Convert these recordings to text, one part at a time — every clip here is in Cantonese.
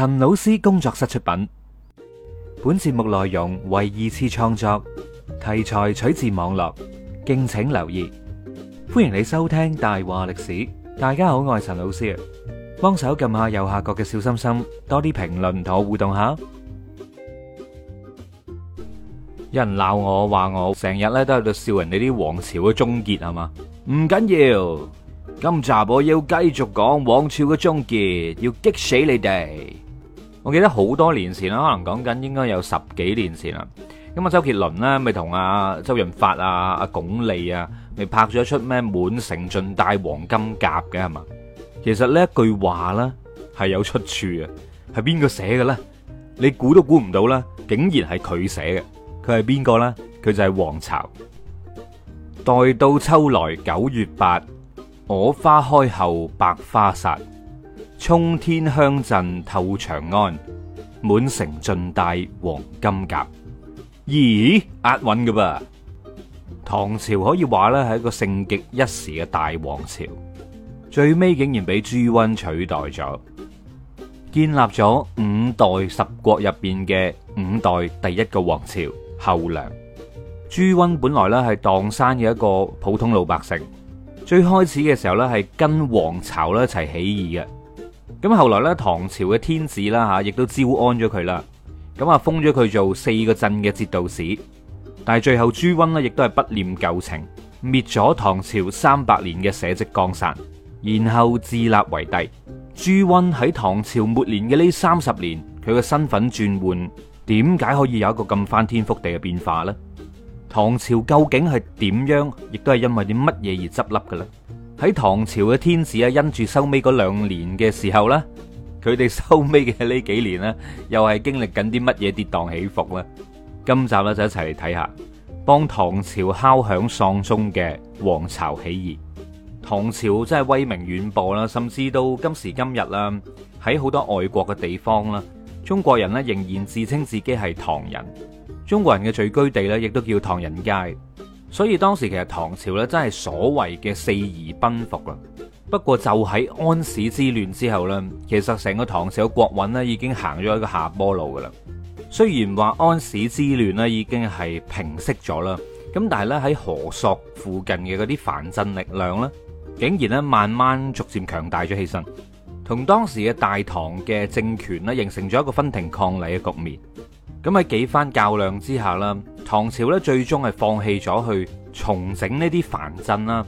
陳老師工作室出品，本節目內容為二次創作，題材取自網絡，敬請留意。歡迎你收聽《大話歷史》，大家好，我係陳老師。幫手撳下右下角嘅小心心，多啲評論同我互動下。有人鬧我，話我成日咧都喺度笑人哋啲王朝嘅終結係嘛？唔緊要，今集我要繼續講王朝嘅終結，要激死你哋。我記得好多年前啦，可能講緊應該有十幾年前啦。咁啊，周杰倫咧咪同阿周潤發啊、阿鞏俐啊，咪拍咗出咩《滿城盡帶黃金甲》嘅係嘛？其實呢一句話啦，係有出處嘅，係邊個寫嘅咧？你估都估唔到啦，竟然係佢寫嘅。佢係邊個咧？佢就係黃巢。待到秋來九月八，我花開後百花殺。沖天香陣透長安，滿城盡帶黃金甲。咦？押韻㗎噃？唐朝可以話咧，係一個盛極一時嘅大王朝，最尾竟然俾朱溫取代咗，建立咗五代十國入邊嘅五代第一個王朝後梁。朱溫本來咧係砀山嘅一個普通老百姓，最開始嘅時候咧係跟黃巢咧一齊起,起義嘅。咁後來咧，唐朝嘅天子啦吓，亦都招安咗佢啦。咁啊，封咗佢做四個鎮嘅節度使。但係最後朱溫呢，亦都係不念舊情，滅咗唐朝三百年嘅社稷江山，然後自立為帝。朱溫喺唐朝末年嘅呢三十年，佢嘅身份轉換，點解可以有一個咁翻天覆地嘅變化呢？唐朝究竟係點樣，亦都係因為啲乜嘢而執笠嘅咧？喺唐朝嘅天子啊，因住收尾嗰兩年嘅時候咧，佢哋收尾嘅呢幾年咧，又係經歷緊啲乜嘢跌宕起伏咧？今集咧就一齊嚟睇下，幫唐朝敲響喪鐘嘅皇朝起義。唐朝真係威名遠播啦，甚至到今時今日啦，喺好多外國嘅地方啦，中國人咧仍然自稱自己係唐人，中國人嘅聚居地咧亦都叫唐人街。所以當時其實唐朝咧真係所謂嘅四夷賓服啦。不過就喺安史之亂之後呢，其實成個唐朝嘅國運咧已經行咗一個下坡路噶啦。雖然話安史之亂咧已經係平息咗啦，咁但係咧喺河朔附近嘅嗰啲藩鎮力量呢，竟然咧慢慢逐漸強大咗起身，同當時嘅大唐嘅政權咧形成咗一個分庭抗禮嘅局面。咁喺幾番較量之下啦，唐朝咧最終係放棄咗去重整呢啲藩鎮啦，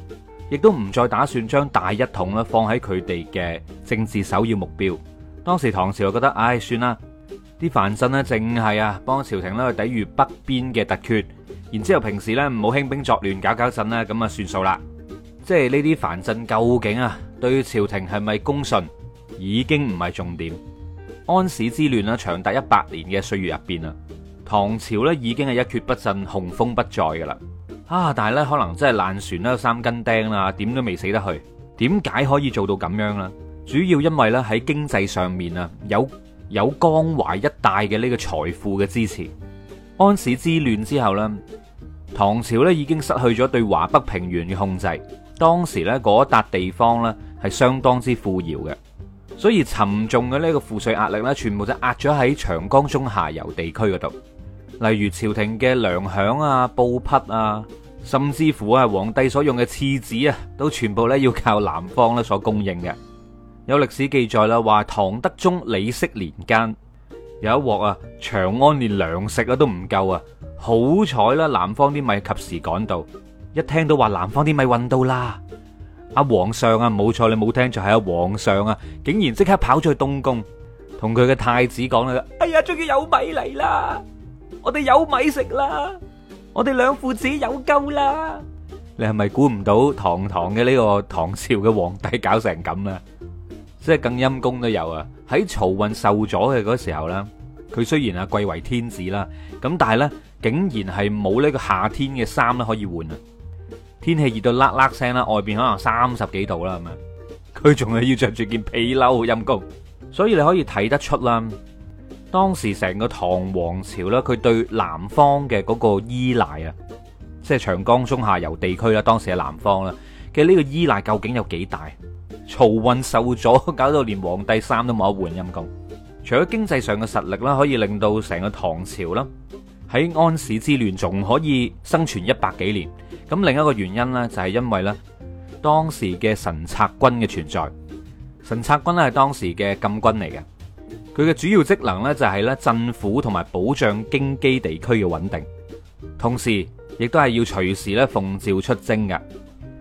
亦都唔再打算將大一統啦放喺佢哋嘅政治首要目標。當時唐朝覺得，唉、哎，算啦，啲藩鎮咧，淨係啊幫朝廷咧去抵御北邊嘅突厥，然之後平時咧唔好興兵作亂搞搞震啦，咁啊算數啦。即係呢啲藩鎮究竟啊對朝廷係咪公信，已經唔係重點。安史之亂啦，長達一百年嘅歲月入邊啊，唐朝咧已經係一蹶不振，雄風不再噶啦啊！但係咧可能真係爛船都有三根釘啦，點都未死得去。點解可以做到咁樣呢？主要因為咧喺經濟上面啊，有有江淮一帶嘅呢個財富嘅支持。安史之亂之後咧，唐朝咧已經失去咗對華北平原嘅控制。當時咧嗰一笪地方咧係相當之富饒嘅。所以沉重嘅呢個賦稅壓力咧，全部就壓咗喺長江中下游地區嗰度，例如朝廷嘅糧餉啊、布匹啊，甚至乎啊皇帝所用嘅廁紙啊，都全部咧要靠南方咧所供應嘅。有歷史記載啦，話唐德宗李適年間有一鑊啊，長安連糧食啊都唔夠啊，好彩啦，南方啲米及時趕到，一聽到話南方啲米運到啦。阿皇上啊，冇錯，你冇聽錯，係阿皇上啊，竟然即刻跑出去東宮，同佢嘅太子講啦，哎呀，終於有米嚟啦，我哋有米食啦，我哋兩父子有救啦。你係咪估唔到堂堂嘅呢個唐朝嘅皇帝搞成咁啊？即係更陰功都有啊！喺漕運受阻嘅嗰時候啦，佢雖然啊貴為天子啦，咁但係咧竟然係冇呢個夏天嘅衫咧可以換啊！天氣熱到喇喇聲啦，外邊可能三十幾度啦，係咪？佢仲係要着住件皮褸，陰功。所以你可以睇得出啦，當時成個唐王朝啦，佢對南方嘅嗰個依賴啊，即係長江中下游地區啦，當時嘅南方啦嘅呢個依賴究竟有幾大？漕運受阻，搞到連皇帝衫都冇得換，陰功。除咗經濟上嘅實力啦，可以令到成個唐朝啦。喺安史之亂仲可以生存一百幾年，咁另一個原因呢，就係因為呢當時嘅神策軍嘅存在。神策軍咧係當時嘅禁軍嚟嘅，佢嘅主要職能呢，就係呢鎮撫同埋保障京畿地區嘅穩定，同時亦都係要隨時咧奉詔出征嘅，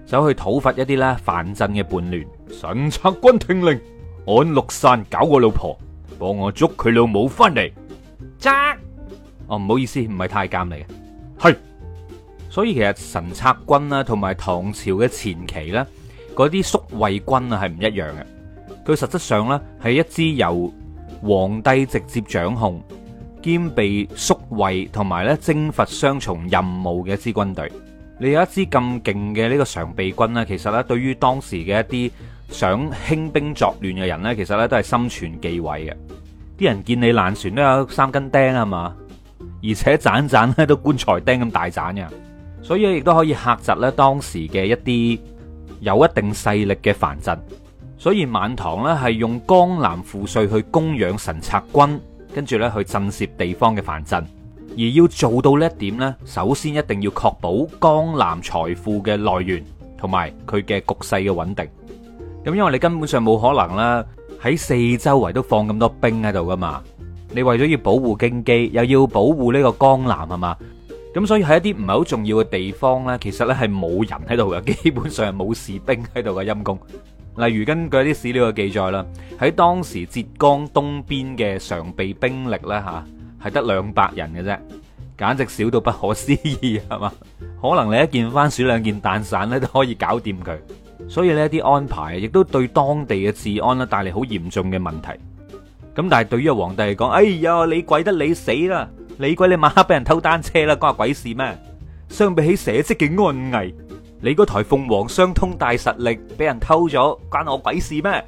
走去討伐一啲咧藩鎮嘅叛亂。神策軍聽令，安祿山搞我老婆，幫我捉佢老母翻嚟。扎。哦，唔好意思，唔係太監嚟嘅，係。所以其實神策軍啦，同埋唐朝嘅前期咧，嗰啲宿衛軍啊，係唔一樣嘅。佢實質上咧係一支由皇帝直接掌控，兼備宿衛同埋咧征伐雙重任務嘅一支軍隊。你有一支咁勁嘅呢個常備軍咧，其實咧對於當時嘅一啲想興兵作亂嘅人咧，其實咧都係心存忌諱嘅。啲人見你爛船都有三根釘啊嘛～而且斬斬咧都棺材釘咁大斬嘅，所以亦都可以嚇窒咧當時嘅一啲有一定勢力嘅藩鎮。所以晚唐咧係用江南賦稅去供養神策軍，跟住咧去鎮懾地方嘅藩鎮。而要做到呢一點咧，首先一定要確保江南財富嘅來源同埋佢嘅局勢嘅穩定。咁因為你根本上冇可能啦，喺四周圍都放咁多兵喺度噶嘛。你為咗要保護京畿，又要保護呢個江南，係嘛？咁所以喺一啲唔係好重要嘅地方咧，其實咧係冇人喺度嘅，基本上係冇士兵喺度嘅陰功。例如根據一啲史料嘅記載啦，喺當時浙江東邊嘅常備兵力咧吓，係得兩百人嘅啫，簡直少到不可思議，係嘛？可能你一件番薯，兩件蛋散咧都可以搞掂佢。所以咧一啲安排亦都對當地嘅治安咧帶嚟好嚴重嘅問題。咁但係對於個皇帝嚟講，哎呀你鬼得你死啦，你鬼你晚黑俾人偷單車啦，關我鬼事咩？相比起社稷嘅安危，你嗰台鳳凰相通大實力俾人偷咗，關我鬼事咩？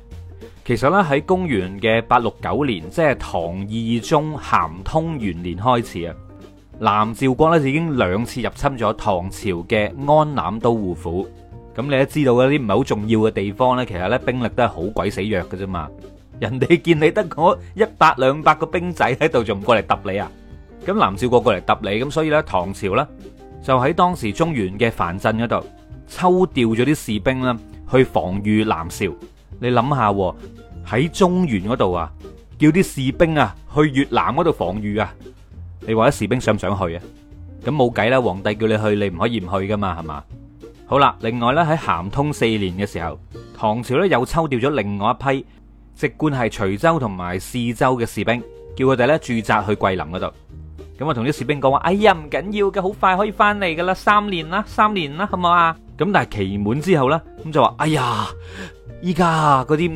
其實咧喺公元嘅八六九年，即係唐懿宗咸通元年開始啊，南詔國咧已經兩次入侵咗唐朝嘅安南都護府。咁你都知道嗰啲唔係好重要嘅地方咧，其實咧兵力都係好鬼死弱嘅啫嘛。人哋見你得嗰一百兩百個兵仔喺度，仲唔過嚟揼你啊？咁南詔國過嚟揼你，咁所以呢，唐朝呢，就喺當時中原嘅藩鎮嗰度抽調咗啲士兵啦，去防禦南詔。你諗下喺中原嗰度啊，叫啲士兵啊去越南嗰度防禦啊，你話啲士兵想唔想去啊？咁冇計啦，皇帝叫你去，你唔可以唔去噶嘛，係嘛？好啦，另外呢，喺咸通四年嘅時候，唐朝呢又抽調咗另外一批。籍貫係徐州同埋泗州嘅士兵，叫佢哋咧駐紮去桂林嗰度。咁我同啲士兵講話、哎：，哎呀，唔緊要嘅，好快可以翻嚟噶啦，三年啦，三年啦，好唔好啊？咁但係期滿之後咧，咁就話：，哎呀，依家嗰啲咁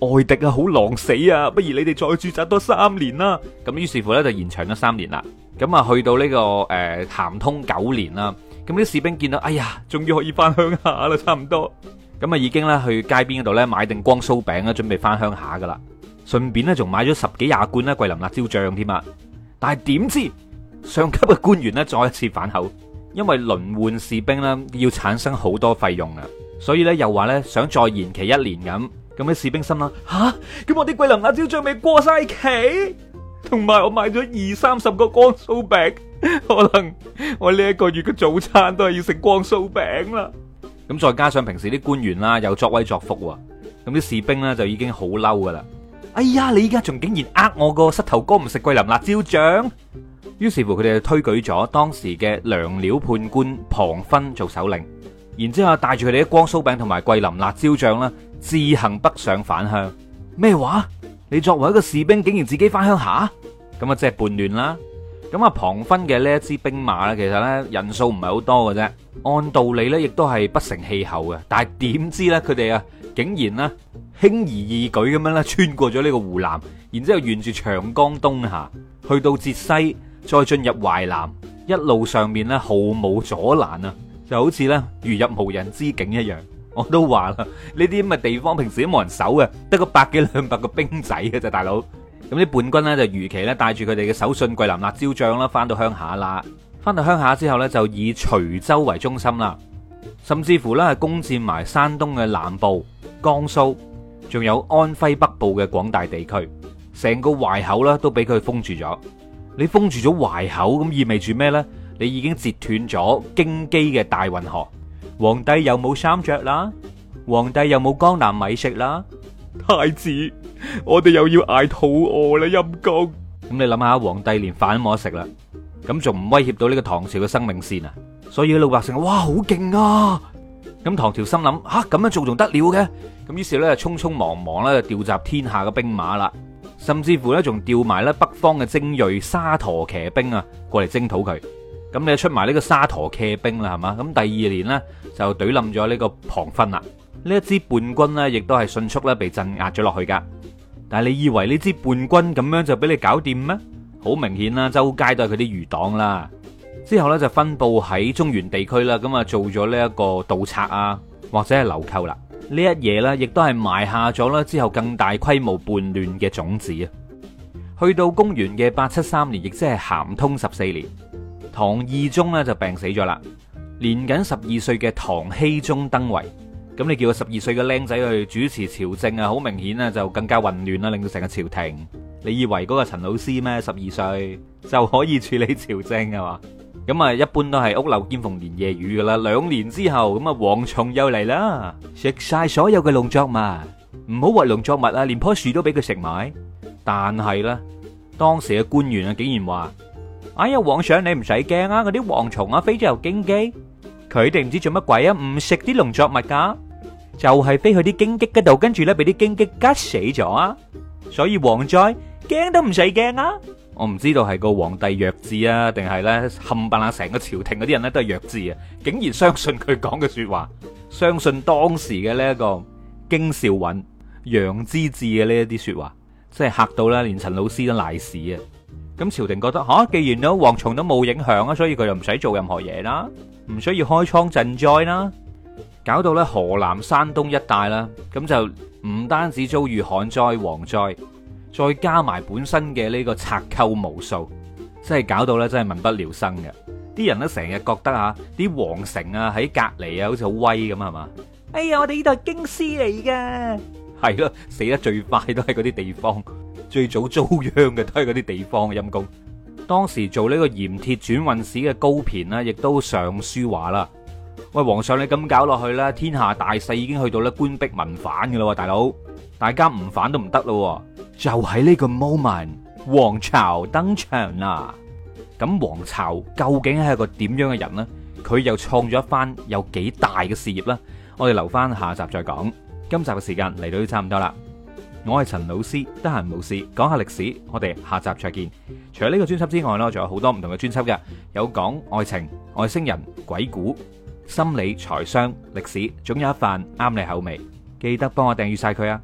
嘅外敵啊，好狼死啊，不如你哋再駐紮多三年啦。咁於是乎咧就延長咗三年啦。咁啊，去到呢、這個誒咸、呃、通九年啦。咁啲士兵見到：，哎呀，終於可以翻鄉下啦，差唔多。咁啊，已經咧去街邊嗰度咧買定光酥餅啦，準備翻鄉下噶啦。順便咧仲買咗十幾廿罐咧桂林辣椒醬添啊。但係點知上級嘅官員咧再一次反口，因為輪換士兵咧要產生好多費用啊，所以咧又話咧想再延期一年咁。咁啲士兵心啦吓，咁我啲桂林辣椒醬未過晒期，同埋我買咗二三十個光酥餅，可能我呢一個月嘅早餐都係要食光酥餅啦。咁再加上平時啲官員啦，又作威作福啊，咁啲士兵呢就已經好嬲噶啦。哎呀，你依家仲竟然呃我個膝頭哥唔食桂林辣椒醬？於是乎，佢哋就推舉咗當時嘅糧料判官龐勳做首領，然之後帶住佢哋啲光酥餅同埋桂林辣椒醬啦，自行北上返鄉。咩話？你作為一個士兵，竟然自己翻鄉下？咁啊，即係叛亂啦！咁啊，龐勛嘅呢一支兵馬咧，其實咧人數唔係好多嘅啫，按道理咧亦都係不成氣候嘅。但係點知咧，佢哋啊，竟然咧輕而易舉咁樣咧穿過咗呢個湖南，然之後沿住長江東下，去到浙西，再進入淮南，一路上面咧毫無阻攔啊，就好似咧如入無人之境一樣。我都話啦，呢啲咁嘅地方平時都冇人守啊，得個百幾兩百個兵仔嘅啫，大佬。咁啲叛軍咧就如期咧帶住佢哋嘅手信桂林辣椒醬啦，翻到鄉下啦。翻到鄉下之後咧，就以徐州為中心啦，甚至乎咧係攻佔埋山東嘅南部、江蘇，仲有安徽北部嘅廣大地區。成個淮口咧都俾佢封住咗。你封住咗淮口，咁意味住咩呢？你已經截斷咗京畿嘅大運河。皇帝又冇衫着啦？皇帝又冇江南米食啦？太子。 我哋又要挨肚餓啦，陰公。咁你諗下，皇帝連飯都冇得食啦，咁仲唔威脅到呢個唐朝嘅生命線啊？所以老百姓哇，好勁啊！咁唐朝心諗吓，咁、啊、樣做仲得了嘅？咁於是咧，匆匆忙忙咧就調集天下嘅兵馬啦，甚至乎呢，仲調埋咧北方嘅精銳沙陀騎兵啊，過嚟征討佢。咁你出埋呢個沙陀騎兵啦，係嘛？咁第二年呢，就懟冧咗呢個龐勳啦，呢一支叛軍呢，亦都係迅速咧被鎮壓咗落去噶。但係你以為呢支叛軍咁樣就俾你搞掂咩？好明顯啦，周街都係佢啲餘黨啦。之後呢，就分布喺中原地區啦，咁啊做咗呢一個盜賊啊，或者係流寇啦。呢一嘢呢，亦都係埋下咗咧之後更大規模叛亂嘅種子。去到公元嘅八七三年，亦即係咸通十四年，唐懿宗呢就病死咗啦，年僅十二歲嘅唐僖宗登位。咁你叫個十二歲嘅僆仔去主持朝政啊，好明顯啊，就更加混亂啦，令到成個朝廷。你以為嗰個陳老師咩？十二歲就可以處理朝政係嘛？咁啊，一般都係屋漏兼逢連夜雨噶啦。兩年之後，咁啊，蝗蟲又嚟啦，食晒所有嘅農作物，唔好話農作物啊，連棵樹都俾佢食埋。但係咧，當時嘅官員啊，竟然話：哎呀，皇上你唔使驚啊，嗰啲蝗蟲啊，飛咗又京畿，佢哋唔知做乜鬼啊，唔食啲農作物噶。就係飛去啲荊棘嗰度，跟住咧俾啲荊棘吉死咗啊！所以蝗災驚都唔使驚啊！我唔知道係個皇帝弱智啊，定係咧冚唪唥成個朝廷嗰啲人咧都係弱智啊！竟然相信佢講嘅說話，相信當時嘅呢一個京兆尹楊之治嘅呢一啲說話，真係嚇到啦！連陳老師都瀨屎啊！咁朝廷覺得吓，既然都蝗蟲都冇影響啊，所以佢就唔使做任何嘢啦，唔需要開倉賑災啦。搞到咧河南、山東一帶啦，咁就唔單止遭遇旱災、蝗災，再加埋本身嘅呢個賊寇無數，真係搞到咧真係民不聊生嘅。啲人咧成日覺得啊，啲皇城啊喺隔籬啊，好似好威咁係嘛。哎呀，我哋呢度係京師嚟嘅，係咯，死得最快都係嗰啲地方，最早遭殃嘅都係嗰啲地方。陰公當時做呢個鹽鐵轉運使嘅高駢啦，亦都上書話啦。喂，皇上，你咁搞落去啦，天下大勢已經去到咧，官逼民反噶啦，大佬，大家唔反都唔得咯。就喺呢個 moment，黃巢登場啦。咁黃巢究竟係一個點樣嘅人呢？佢又創咗一番有幾大嘅事業呢？我哋留翻下集再講。今集嘅時間嚟到都差唔多啦。我係陳老師，得閒冇事講下歷史，我哋下集再見。除咗呢個專輯之外咯，仲有好多唔同嘅專輯嘅，有講愛情、外星人、鬼故。心理、財商、歷史，總有一份啱你口味。記得幫我訂閱晒佢啊！